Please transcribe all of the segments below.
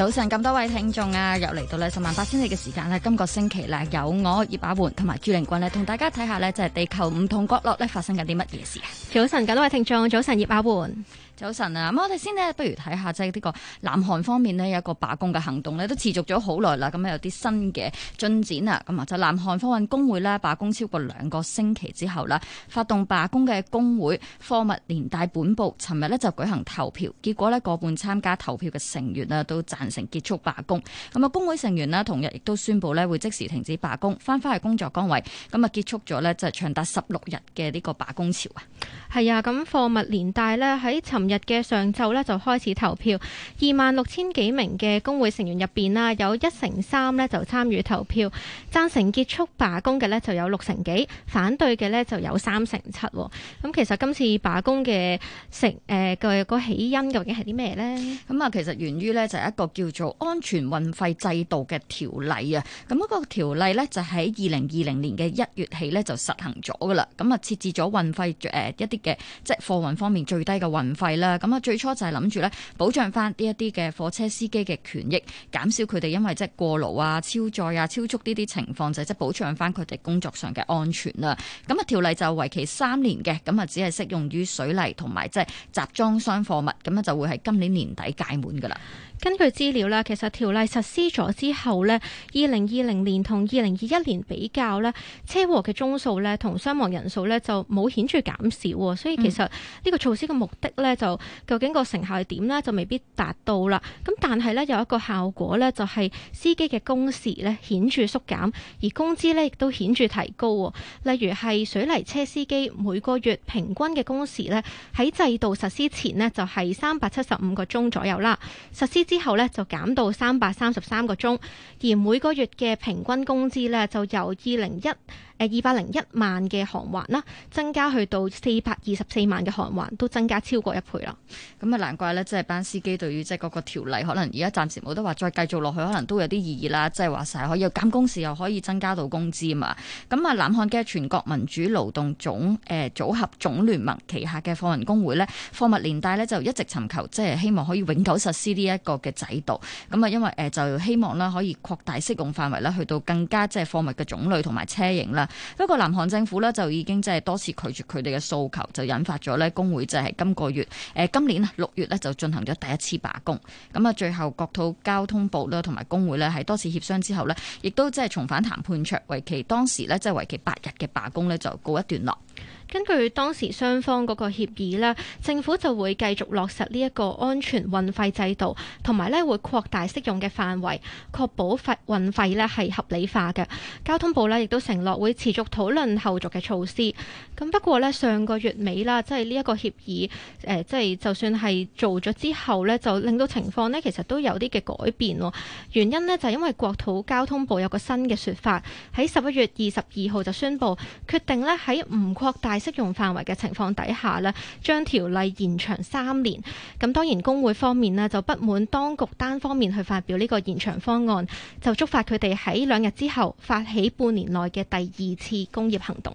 早晨咁多位聽眾啊，又嚟到呢十萬八千里嘅時間咧，今個星期咧，有我葉阿煥同埋朱靈君咧，同大家睇下呢就係地球唔同角落咧發生緊啲乜嘢事。早晨咁多位聽眾，早晨葉阿煥。早晨啊，咁我哋先看看呢，不如睇下即係呢個南韓方面咧一個罷工嘅行動呢，都持續咗好耐啦。咁啊，有啲新嘅進展啊，咁啊，就南韓貨運工會呢，罷工超過兩個星期之後啦，發動罷工嘅工會貨物連帶本部，尋日呢，就舉行投票，結果呢，過半參加投票嘅成員呢，都贊成結束罷工。咁啊，工會成員呢，同日亦都宣布呢，會即時停止罷工，翻返去工作崗位。咁啊，結束咗呢，就係長達十六日嘅呢個罷工潮啊。係啊，咁貨物連帶呢，喺尋。日嘅上晝咧就開始投票，二萬六千幾名嘅工會成員入邊啦，有一成三咧就參與投票，讚成結束罷工嘅咧就有六成幾，反對嘅咧就有三成七。咁其實今次罷工嘅成誒嘅個起因究竟係啲咩呢？咁啊，其實源於、呃、呢，就係一個叫做安全運費制度嘅條例啊。咁嗰個條例呢，就喺二零二零年嘅一月起呢，就實行咗噶啦。咁啊設置咗運費誒一啲嘅即係貨運方面最低嘅運費。啦，咁啊最初就係諗住咧保障翻呢一啲嘅貨車司機嘅權益，減少佢哋因為即係過勞啊、超載啊、超速呢啲情況，就即係保障翻佢哋工作上嘅安全啦。咁啊條例就為期三年嘅，咁啊只係適用於水泥同埋即係集裝箱貨物，咁啊就會係今年年底屆滿噶啦。根據資料啦，其實條例實施咗之後呢，二零二零年同二零二一年比較呢，車禍嘅宗數呢同傷亡人數呢就冇顯著減少喎，所以其實呢個措施嘅目的呢，就究竟個成效係點呢？就未必達到啦。咁但係呢，有一個效果呢，就係司機嘅工時呢顯著縮減，而工資呢亦都顯著提高。例如係水泥車司機每個月平均嘅工時呢，喺制度實施前呢，就係三百七十五個鐘左右啦，實施之後咧就減到三百三十三個鐘，而每個月嘅平均工資咧就由二零一，誒二百零一萬嘅航環啦，增加去到四百二十四萬嘅航環，都增加超過一倍啦。咁啊，難怪咧，即係班司機對於即係嗰個條例，可能而家暫時冇得話再繼續落去，可能都有啲意義啦。即係話曬可以有減工時，又可以增加到工資啊嘛。咁啊，南韓嘅全國民主勞動總誒、呃、組合總聯盟旗下嘅貨運工會咧，貨物連帶咧就一直尋求，即係希望可以永久實施呢一個嘅制度。咁啊，因為誒就希望啦，可以擴大適用範圍啦，去到更加即係貨物嘅種類同埋車型啦。不過南韓政府呢，就已經即係多次拒絕佢哋嘅訴求，就引發咗咧工會即係今個月誒、呃、今年六月呢，就進行咗第一次罷工，咁啊最後國土交通部咧同埋工會呢，喺多次協商之後呢，亦都即係重返談判桌，為期當時呢，即係為期八日嘅罷工呢，就告一段落。根據當時雙方嗰個協議，政府就會繼續落實呢一個安全運費制度，同埋咧會擴大適用嘅範圍，確保費運費咧係合理化嘅。交通部咧亦都承諾會持續討論後續嘅措施。咁不過咧上個月尾啦，即係呢一個協議，誒、呃、即係就算係做咗之後咧，就令到情況咧其實都有啲嘅改變。原因咧就係因為國土交通部有個新嘅説法，喺十一月二十二號就宣布決定咧喺唔擴大適用範圍嘅情況底下咧，將條例延長三年。咁當然工會方面咧就不滿當局單方面去發表呢個延長方案，就觸發佢哋喺兩日之後發起半年內嘅第二次工業行動。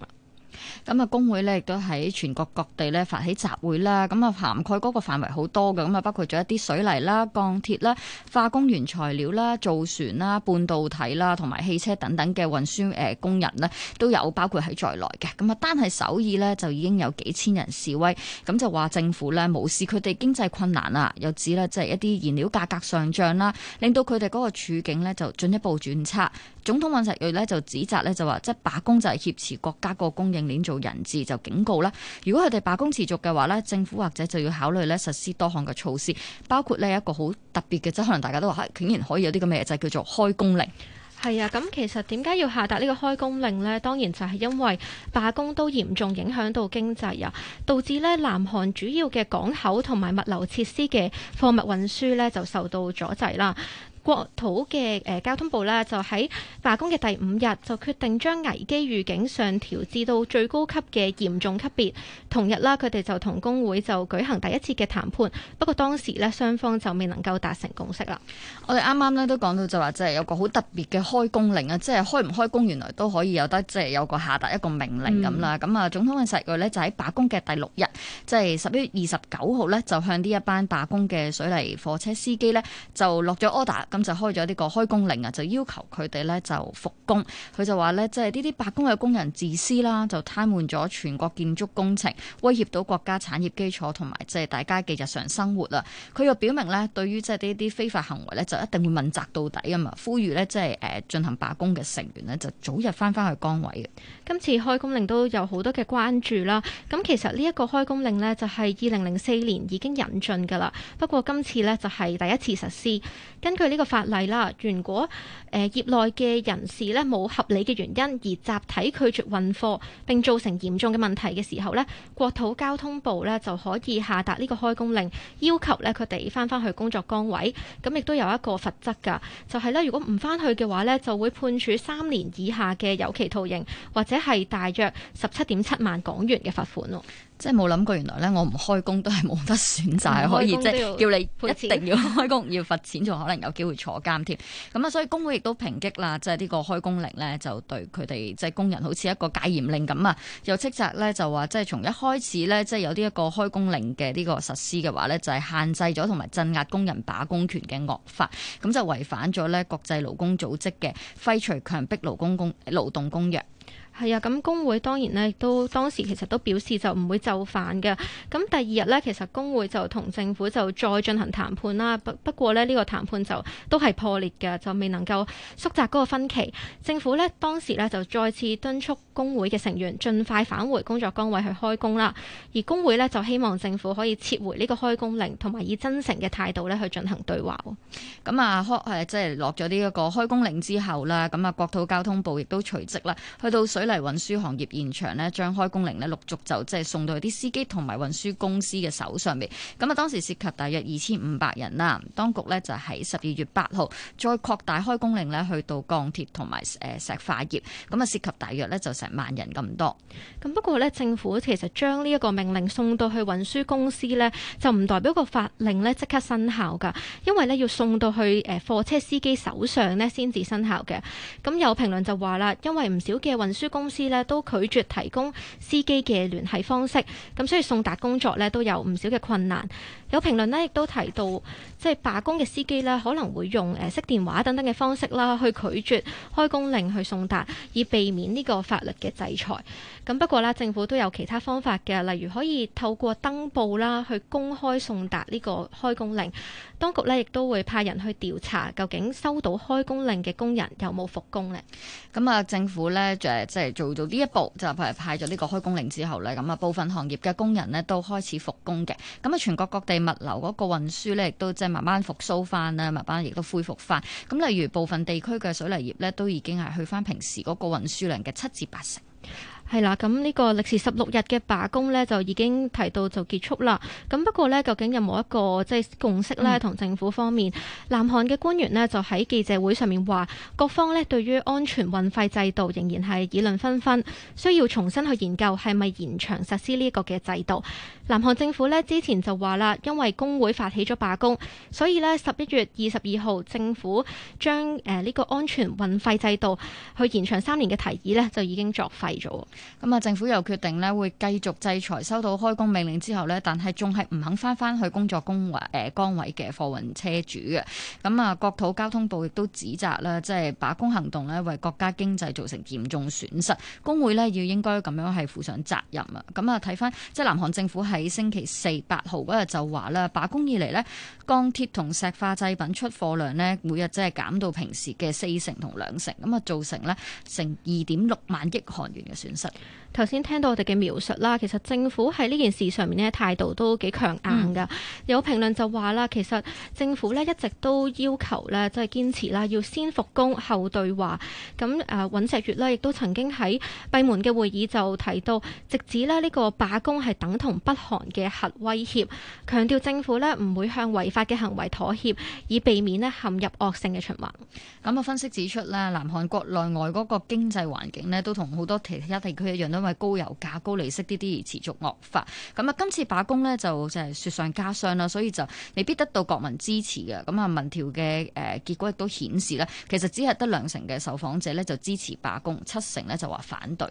咁啊，工會咧亦都喺全國各地咧發起集會啦。咁啊，涵蓋嗰個範圍好多嘅，咁啊，包括咗一啲水泥啦、鋼鐵啦、化工原材料啦、造船啦、半導體啦，同埋汽車等等嘅運輸誒、呃、工人呢，都有包括喺在，在內嘅。咁啊，單係首爾呢，就已經有幾千人示威，咁就話政府呢，無視佢哋經濟困難啊。又指咧即係一啲燃料價格上漲啦，令到佢哋嗰個處境呢，就進一步轉差。總統尹錫悦呢，就指責呢，就話，即係罷工就係挾持國家個供應。做人質就警告啦。如果佢哋罷工持續嘅話咧，政府或者就要考慮咧實施多項嘅措施，包括呢一個好特別嘅，即可能大家都話，竟然可以有啲咁嘅嘢，就是、叫做開工令。係啊，咁其實點解要下達呢個開工令呢？當然就係因為罷工都嚴重影響到經濟啊，導致呢南韓主要嘅港口同埋物流設施嘅貨物運輸咧就受到阻滯啦。國土嘅誒交通部咧，就喺罷工嘅第五日，就決定將危機預警上調至到最高級嘅嚴重級別。同日啦，佢哋就同工會就舉行第一次嘅談判，不過當時咧雙方就未能夠達成共識啦。我哋啱啱咧都講到就話，即係有個好特別嘅開工令啊，即係開唔開工原來都可以有得，即係有個下達一個命令咁啦。咁啊、嗯，總統嘅實據咧就喺罷工嘅第六日，即係十一月二十九號咧，就，是、就向呢一班罷工嘅水泥貨車司機咧，就落咗 order。咁就開咗呢個開工令啊，就要求佢哋咧就復工。佢就話咧，即係呢啲罷工嘅工人自私啦，就癱瘓咗全國建築工程，威脅到國家產業基礎同埋即係大家嘅日常生活啦。佢又表明咧，對於即係呢啲非法行為咧，就一定會問責到底啊嘛。呼籲咧，即係誒進行罷工嘅成員呢，就早日翻返去崗位嘅。今次開工令都有好多嘅關注啦。咁其實呢一個開工令呢，就係二零零四年已經引進㗎啦。不過今次呢，就係第一次實施。根據呢、呢個。法例啦，如果誒、呃、業內嘅人士咧冇合理嘅原因而集體拒絕運貨，並造成嚴重嘅問題嘅時候呢，國土交通部呢就可以下達呢個開工令，要求咧佢哋翻返去工作崗位。咁亦都有一個罰則噶，就係、是、咧如果唔返去嘅話呢，就會判處三年以下嘅有期徒刑或者係大約十七點七萬港元嘅罰款咯。即係冇諗過，原來咧我唔開工都係冇得選擇，係可以即係叫你一定要開工，要罰錢仲可能有機會坐監添。咁啊，所以工會亦都抨擊啦，即係呢個開工令呢，就對佢哋即係工人好似一個戒嚴令咁啊。又斥責呢，就話，即係從一開始呢，即係有呢一個開工令嘅呢個實施嘅話呢，就係限制咗同埋鎮壓工人罷工權嘅惡法，咁就違反咗呢國際勞工組織嘅廢除強迫勞工工勞動公約。係啊，咁工會當然呢，亦都當時其實都表示就唔會就範嘅。咁第二日呢，其實工會就同政府就再進行談判啦。不不過呢，呢個談判就都係破裂嘅，就未能夠縮窄嗰個分歧。政府呢，當時呢，就再次敦促工會嘅成員盡快返回工作崗位去開工啦。而工會呢，就希望政府可以撤回呢個開工令，同埋以真誠嘅態度呢去進行對話。咁啊，開誒即係落咗呢一個開工令之後啦，咁啊國土交通部亦都隨即啦去到。到水泥運輸行業現場咧，將開工令咧陸續就即係送到啲司機同埋運輸公司嘅手上面，咁啊，當時涉及大約二千五百人啦。當局咧就喺十二月八號再擴大開工令咧，去到鋼鐵同埋誒石化業。咁啊，涉及大約咧就成萬人咁多。咁不過咧，政府其實將呢一個命令送到去運輸公司咧，就唔代表個法令咧即刻生效噶，因為咧要送到去誒貨車司機手上咧先至生效嘅。咁有評論就話啦，因為唔少嘅運輸公司呢都拒絕提供司機嘅聯繫方式，咁所以送達工作呢都有唔少嘅困難。有評論呢，亦都提到，即係罷工嘅司機呢，可能會用誒熄、呃、電話等等嘅方式啦，去拒絕開工令去送達，以避免呢個法律嘅制裁。咁不過啦，政府都有其他方法嘅，例如可以透過登報啦，去公開送達呢個開工令。當局呢，亦都會派人去調查，究竟收到開工令嘅工人有冇復工呢？咁啊，政府呢，就即、是、係做到呢一步，就係、是、派咗呢個開工令之後呢，咁啊部分行業嘅工人呢，都開始復工嘅。咁啊全國各地。物流嗰個運輸咧，亦都即係慢慢復甦翻啦，慢慢亦都恢復翻。咁例如部分地區嘅水泥業咧，都已經係去翻平時嗰個運輸量嘅七至八成。係啦，咁呢個歷時十六日嘅罷工呢，就已經提到就結束啦。咁不過呢，究竟有冇一個即係、就是、共識呢？同政府方面，南韓嘅官員呢，就喺記者會上面話，各方呢，對於安全運費制度仍然係議論紛紛，需要重新去研究係咪延長實施呢個嘅制度。南韓政府呢，之前就話啦，因為工會發起咗罷工，所以呢，十一月二十二號政府將誒呢、呃這個安全運費制度去延長三年嘅提議呢，就已經作廢咗。咁啊，政府又決定咧，會繼續制裁收到開工命令之後咧，但係仲係唔肯翻返去工作工作崗位誒崗位嘅貨運車主嘅。咁啊，國土交通部亦都指責咧，即係罷工行動咧，為國家經濟造成嚴重損失，工會咧要應該咁樣係負上責任啊。咁啊，睇翻即係南韓政府喺星期四八號嗰日就話啦，罷工以嚟咧，鋼鐵同石化製品出貨量咧每日即係減到平時嘅四成同兩成，咁啊造成咧成二點六萬億韓元嘅損失。頭先聽到我哋嘅描述啦，其實政府喺呢件事上面咧態度都幾強硬㗎。嗯、有評論就話啦，其實政府咧一直都要求咧即係堅持啦，要先復工後對話。咁、嗯、誒，尹錫悅呢亦都曾經喺閉門嘅會議就提到，直指咧呢個罷工係等同北韓嘅核威脅，強調政府咧唔會向違法嘅行為妥協，以避免咧陷入惡性嘅循環。咁啊、嗯，我分析指出咧，南韓國內外嗰個經濟環境咧都同好多其他佢一樣都因為高油價、高利息啲啲而持續惡化，咁啊，今次罷工咧就就係雪上加霜啦，所以就未必得到國民支持嘅。咁啊，民調嘅誒結果亦都顯示咧，其實只係得兩成嘅受訪者咧就支持罷工，七成咧就話反對。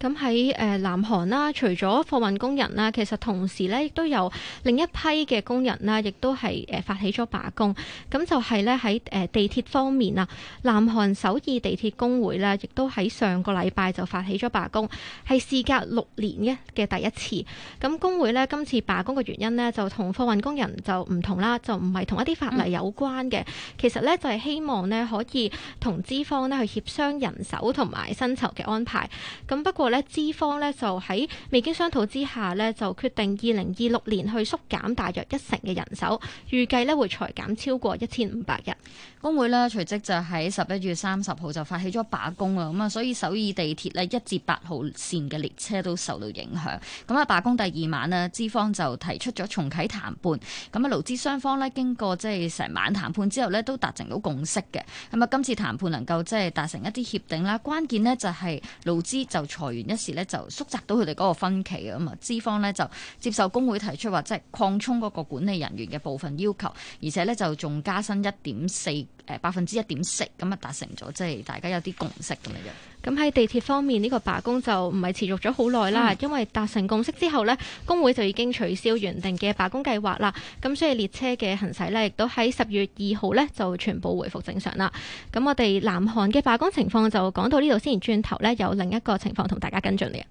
咁喺誒南韓啦、啊，除咗貨運工人啦、啊，其實同時咧亦都有另一批嘅工人啦、啊，亦都係誒發起咗罷工。咁就係咧喺誒地鐵方面啊，南韓首爾地鐵工會咧，亦都喺上個禮拜就發起咗罷工，係事隔六年嘅第一次。咁工會咧今次罷工嘅原因咧，就同貨運工人就唔同啦，就唔係同一啲法例有關嘅。嗯、其實咧就係、是、希望咧可以同資方咧去協商人手同埋薪酬嘅安排。咁不過，咧資方咧就喺未經商討之下呢，就決定二零二六年去縮減大約一成嘅人手，預計呢會裁減超過一千五百人。工會呢隨即就喺十一月三十號就發起咗罷工啊，咁啊所以首爾地鐵呢一至八號線嘅列車都受到影響。咁啊罷工第二晚呢，資方就提出咗重啟談判。咁啊勞資雙方呢經過即係成晚談判之後呢，都達成到共識嘅。咁啊今次談判能夠即係達成一啲協定啦，關鍵呢就係勞資就裁。一時咧就縮窄到佢哋嗰個分歧啊嘛，資方咧就接受工會提出話，即係擴充嗰個管理人員嘅部分要求，而且咧就仲加薪一點四。呃、百分之一點四，咁啊，達成咗即係大家有啲共識咁樣樣。咁喺地鐵方面呢，呢個罷工就唔係持續咗好耐啦，嗯，因為達成共識之後呢，工會就已經取消原定嘅罷工計劃啦。咁所以列車嘅行駛咧，亦都喺十月二號呢就全部回復正常啦。咁我哋南韓嘅罷工情況就講到呢度，先然轉頭咧有另一個情況同大家跟進嘅。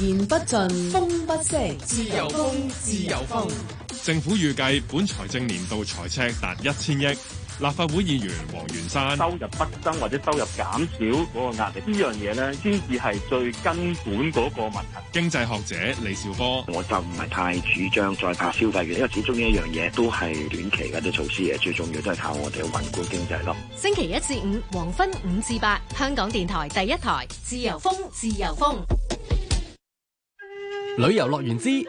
言不盡，風不息，自由風，自由風。政府預計本財政年度財赤達一千億。立法會議員黃元山：收入不增或者收入減少嗰個壓力，呢樣嘢咧，先至係最根本嗰個問題。經濟學者李兆波：我就唔係太主張再派消費券，因為始終呢一樣嘢都係短期嘅啲措施，嘢最重要都係靠我哋嘅穩固經濟咯。星期一至五，黃昏五至八，香港電台第一台，自由風，自由風。旅遊樂園之。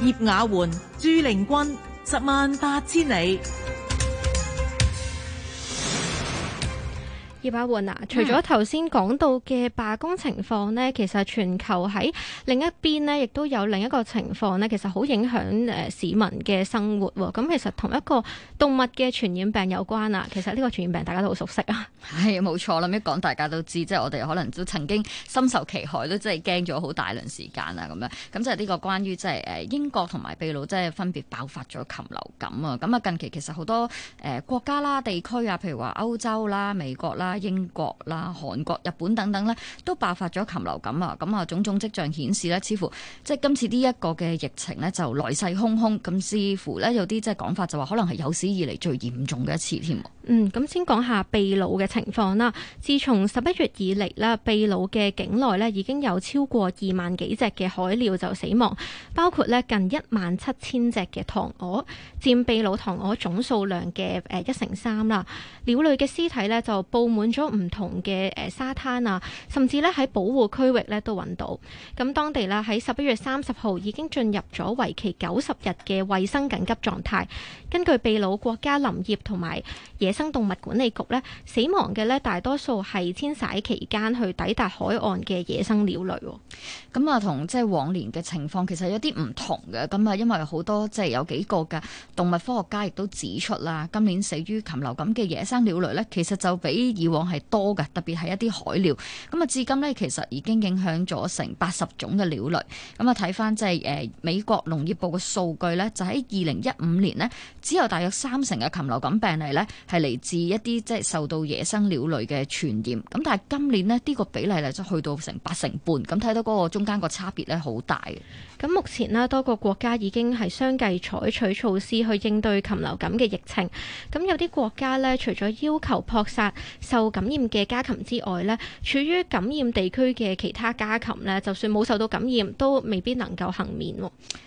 葉雅媛、朱玲君，十萬八千里。 除咗頭先講到嘅罷工情況呢，其實全球喺另一邊呢，亦都有另一個情況呢。其實好影響誒市民嘅生活喎。咁其實同一個動物嘅傳染病有關啊。其實呢個傳染病大家都好熟悉啊。係冇錯啦，一講大家都知，即係我哋可能都曾經深受其害，都真係驚咗好大量時間啊咁樣。咁就係呢個關於即係誒英國同埋秘魯，即係分別爆發咗禽流感啊。咁啊近期其實好多誒國家啦地區啊，譬如話歐洲啦、美國啦。英國啦、韓國、日本等等咧，都爆發咗禽流感啊！咁啊，種種跡象顯示呢似乎即係今次呢一個嘅疫情呢就來勢洶洶，咁似乎呢有啲即係講法就話，可能係有史以嚟最嚴重嘅一次添。嗯，咁先講下秘魯嘅情況啦。自從十一月以嚟咧，秘魯嘅境內呢已經有超過二萬幾隻嘅海鳥就死亡，包括呢近一萬七千隻嘅塘鵝，佔秘魯塘鵝總數量嘅誒一成三啦。鳥類嘅屍體呢就佈滿咗唔同嘅誒沙灘啊，甚至咧喺保護區域咧都揾到。咁當地啦喺十一月三十號已經進入咗為期九十日嘅衛生緊急狀態。根據秘魯國家林業同埋野生動物管理局咧，死亡嘅咧大多數係遷徙期間去抵達海岸嘅野生鳥類，咁啊，同即係往年嘅情況其實有啲唔同嘅。咁啊，因為好多即係有幾個嘅動物科學家亦都指出啦，今年死於禽流感嘅野生鳥類咧，其實就比以往係多嘅，特別係一啲海鳥。咁啊，至今呢，其實已經影響咗成八十種嘅鳥類。咁啊，睇翻即係誒美國農業部嘅數據呢，就喺二零一五年呢，只有大約三成嘅禽流感病例呢，係嚟自一啲即係受到野生鳥類嘅傳染。咁但係今年呢，呢個比例呢就去到成八成半。咁睇到嗰個中間個差別呢，好大嘅。咁目前咧，多個國家已經係相繼採取措施去應對禽流感嘅疫情。咁有啲國家咧，除咗要求撲殺受感染嘅家禽之外咧，處於感染地區嘅其他家禽咧，就算冇受到感染，都未必能夠幸免。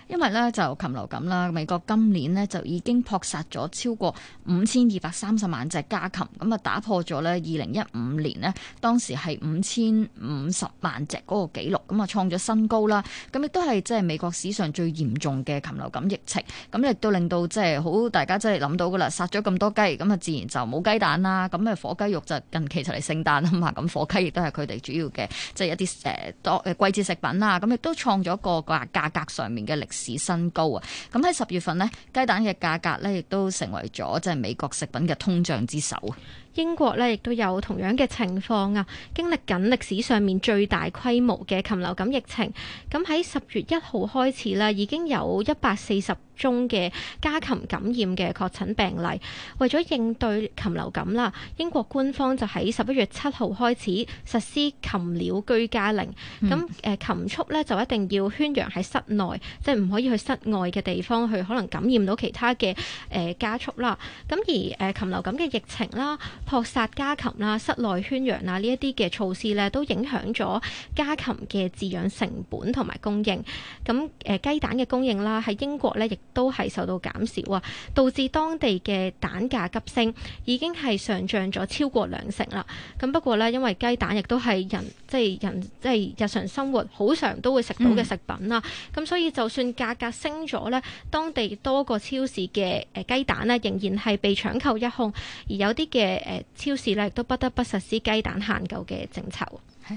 因為咧，就禽流感啦，美國今年咧，就已經撲殺咗超過五千二百三十萬隻家禽，咁啊打破咗咧二零一五年咧，當時係五千五十萬隻嗰個紀錄，咁啊創咗新高啦。咁亦都係即、就係係美國史上最嚴重嘅禽流感疫情，咁亦都令到即係好，大家真係諗到噶啦，殺咗咁多雞，咁啊自然就冇雞蛋啦，咁啊火雞肉就近期就嚟聖誕啊嘛，咁火雞亦都係佢哋主要嘅即係一啲誒多誒季節食品啊，咁亦都創咗個價格上面嘅歷史新高啊，咁喺十月份呢，雞蛋嘅價格咧亦都成為咗即係美國食品嘅通脹之首。英國咧，亦都有同樣嘅情況啊，經歷緊歷史上面最大規模嘅禽流感疫情，咁喺十月一號開始啦，已經有一百四十中嘅家禽感染嘅確診病例，為咗應對禽流感啦，英國官方就喺十一月七號開始實施禽鳥居家令。咁誒禽畜咧就一定要圈養喺室內，即係唔可以去室外嘅地方去，可能感染到其他嘅誒家畜啦。咁而誒、呃、禽流感嘅疫情啦、撲殺家禽啦、室內圈養啊呢一啲嘅措施咧，都影響咗家禽嘅飼養成本同埋供應。咁誒雞蛋嘅供應啦，喺英國咧亦。都係受到減少啊，導致當地嘅蛋價急升，已經係上漲咗超過兩成啦。咁不過呢，因為雞蛋亦都係人即係人即係日常生活好常都會食到嘅食品啦、啊。咁、嗯、所以就算價格升咗呢，當地多個超市嘅誒、呃、雞蛋呢，仍然係被搶購一空，而有啲嘅誒超市呢，亦都不得不實施雞蛋限購嘅政策。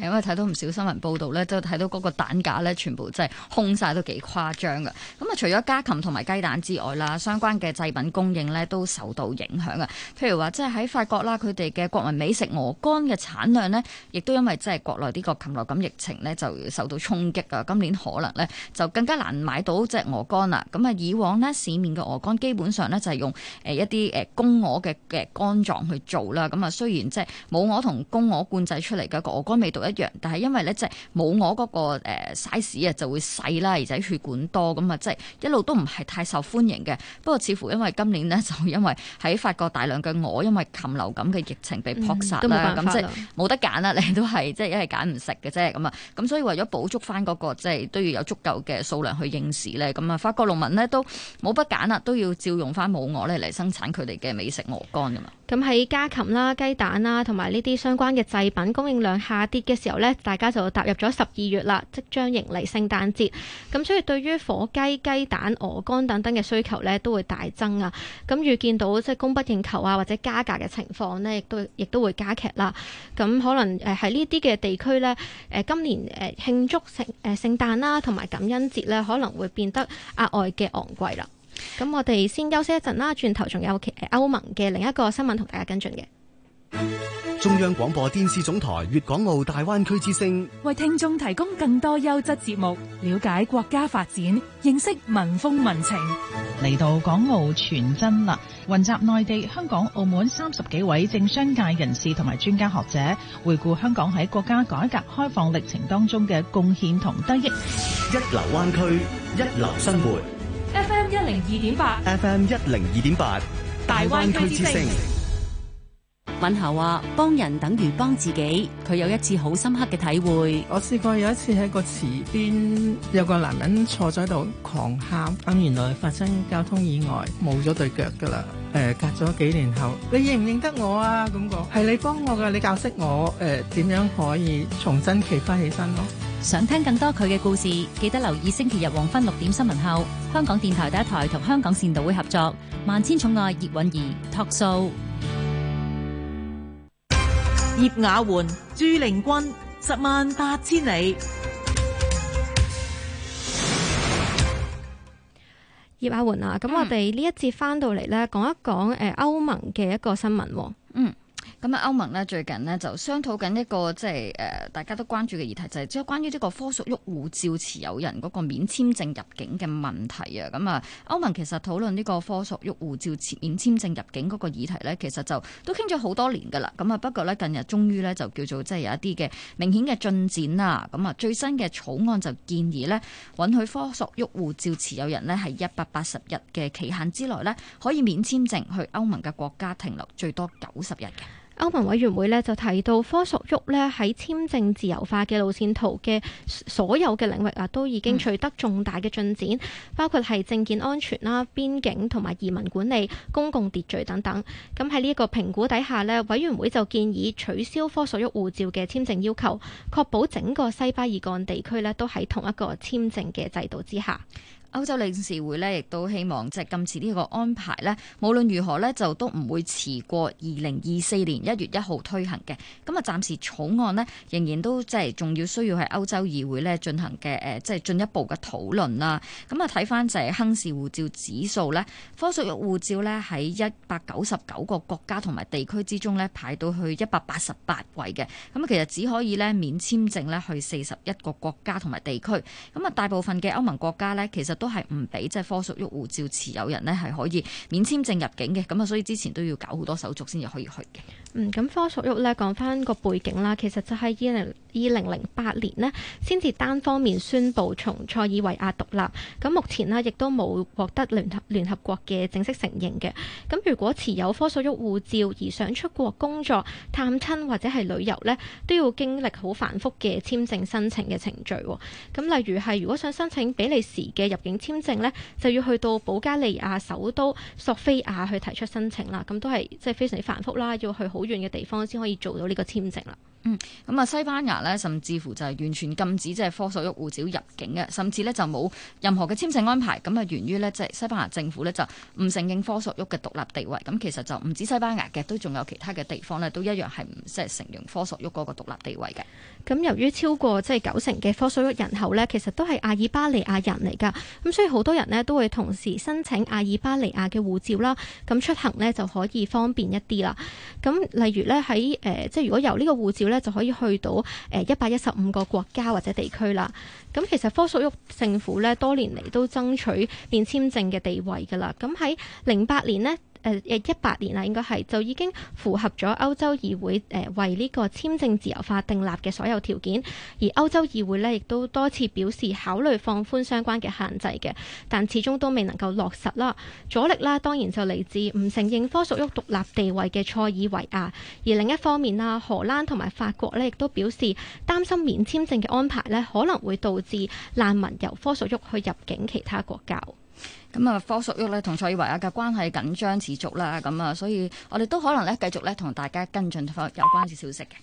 因為睇到唔少新聞報道咧，都睇到嗰個蛋價咧，全部真係空晒，都幾誇張噶。咁啊，除咗家禽同埋雞蛋之外啦，相關嘅製品供應咧都受到影響啊。譬如話，即係喺法國啦，佢哋嘅國民美食鵝肝嘅產量呢，亦都因為即係國內呢個禽流感疫情呢，就受到衝擊啊。今年可能呢，就更加難買到隻鵝肝啦。咁啊，以往呢，市面嘅鵝肝基本上呢，就係用誒一啲誒公鵝嘅嘅肝臟去做啦。咁啊，雖然即係母鵝同公鵝灌製出嚟嘅一個鵝肝味道一樣，但係因為咧，即係母鵝嗰個誒 size 啊就會細啦，而且血管多，咁啊，即係一路都唔係太受歡迎嘅。不過似乎因為今年咧，就因為喺法國大量嘅鵝因為禽流感嘅疫情被撲殺啦，咁、嗯、即係冇得揀啦，你都係即係一係揀唔食嘅啫，咁啊。咁所以為咗補足翻、那、嗰個即係都要有足夠嘅數量去應市咧，咁啊法國農民咧都冇得揀啦，都要照用翻母鵝咧嚟生產佢哋嘅美食鵝肝噶嘛。咁喺家禽啦、雞蛋啦，同埋呢啲相關嘅製品供應量下跌嘅時候呢，大家就踏入咗十二月啦，即將迎嚟聖誕節。咁所以對於火雞、雞蛋、鵝肝等等嘅需求呢，都會大增啊。咁預見到即係供不應求啊，或者加價嘅情況呢，亦都亦都會加劇啦。咁可能誒喺呢啲嘅地區呢，誒今年誒慶祝聖誒聖誕啦，同埋感恩節呢，可能會變得額外嘅昂貴啦。咁我哋先休息一陣啦，轉頭仲有其實歐盟嘅另一個新聞同大家跟進嘅。中央廣播電視總台，粵港澳大灣區之聲為聽眾提供更多優質節目，了解國家發展，認識民風民情。嚟到港澳傳真啦，雲集內地、香港、澳門三十幾位政商界人士同埋專家學者，回顧香港喺國家改革開放歷程當中嘅貢獻同得益。一流灣區，一流生活。F M 一零二點八，F M 一零二點八大灣區之聲。敏霞話：幫人等於幫自己，佢有一次好深刻嘅體會。我試過有一次喺個池邊有個男人坐咗喺度狂喊，咁原來發生交通意外冇咗對腳噶啦。誒、呃，隔咗幾年後，你認唔認得我啊？咁講係你幫我噶，你教識我誒，點、呃、樣可以重新企翻起身咯？想聽更多佢嘅故事，記得留意星期日黃昏六點新聞後，香港電台第一台同香港善導會合作《萬千寵愛葉韻儀》talk show。葉雅媛、朱玲君，十萬八千里。葉雅媛啊，咁我哋呢一節返到嚟呢，講一講誒歐盟嘅一個新聞。嗯。咁啊，歐盟呢最近呢就商討緊一個即係誒大家都關注嘅議題，就係即係關於呢個科索沃護照持有人嗰個免簽證入境嘅問題啊。咁、嗯、啊，歐盟其實討論呢個科索沃護照免簽證入境嗰個議題咧，其實就都傾咗好多年噶啦。咁啊，不過呢，近日終於呢就叫做即係有一啲嘅明顯嘅進展啦。咁、嗯、啊，最新嘅草案就建議呢，允許科索沃護照持有人呢，係一百八十日嘅期限之內呢，可以免簽證去歐盟嘅國家停留最多九十日嘅。歐盟委員會呢就提到，科索沃咧喺簽證自由化嘅路線圖嘅所有嘅領域啊，都已經取得重大嘅進展，包括係證件安全啦、邊境同埋移民管理、公共秩序等等。咁喺呢一個評估底下呢，委員會就建議取消科索沃護照嘅簽證要求，確保整個西巴爾幹地區呢都喺同一個簽證嘅制度之下。歐洲理事會呢，亦都希望即係今次呢個安排呢，無論如何呢，就都唔會遲過二零二四年一月一號推行嘅。咁啊，暫時草案呢，仍然都即係仲要需要喺歐洲議會呢進行嘅誒，即係進一步嘅討論啦。咁啊，睇翻就係亨氏護照指數呢，科索沃護照呢，喺一百九十九個國家同埋地區之中呢，排到去一百八十八位嘅。咁啊，其實只可以呢，免簽證呢，去四十一個國家同埋地區。咁啊，大部分嘅歐盟國家呢，其實都係唔俾，即係科索沃護照持有人呢係可以免簽證入境嘅，咁啊，所以之前都要搞好多手續先至可以去嘅。嗯，咁科索沃呢講翻個背景啦，其實就係二零二零零八年呢，先至單方面宣布從塞爾維亞獨立。咁目前呢，亦都冇獲得聯合聯合國嘅正式承認嘅。咁如果持有科索沃護照而想出國工作、探親或者係旅遊呢，都要經歷好繁複嘅簽證申請嘅程序啊。咁例如係如果想申請比利時嘅入境簽證呢，就要去到保加利亞首都索菲亞去提出申請啦。咁都係即係非常之繁複啦，要去好好遠嘅地方先可以做到呢個簽證啦。嗯，咁啊西班牙咧，甚至乎就係完全禁止即係科索沃護照入境嘅，甚至咧就冇任何嘅簽證安排。咁啊源於咧即係西班牙政府咧就唔承認科索沃嘅獨立地位。咁其實就唔止西班牙嘅，都仲有其他嘅地方咧都一樣係唔即係承認科索沃嗰個獨立地位嘅。咁由於超過即係九成嘅科索沃人口咧，其實都係亞爾巴尼亞人嚟㗎，咁、嗯、所以好多人咧都會同時申請亞爾巴尼亞嘅護照啦，咁、嗯、出行咧就可以方便一啲啦。咁、嗯、例如咧喺誒，即係如果由呢個護照咧就可以去到誒一百一十五個國家或者地區啦。咁、嗯、其實科索沃政府咧多年嚟都爭取免簽證嘅地位㗎啦。咁喺零八年呢。誒誒一八年啦，應該係就已經符合咗歐洲議會誒、呃、為呢個簽證自由化定立嘅所有條件，而歐洲議會呢亦都多次表示考慮放寬相關嘅限制嘅，但始終都未能夠落實啦。阻力啦當然就嚟自唔承認科索沃獨立地位嘅塞爾維亞，而另一方面啦，荷蘭同埋法國呢亦都表示擔心免簽證嘅安排呢可能會導致難民由科索沃去入境其他國家。咁啊，科索沃咧同塞爾維亞嘅關係緊張持續啦。咁啊，所以我哋都可能咧繼續咧同大家跟進有關嘅消息嘅。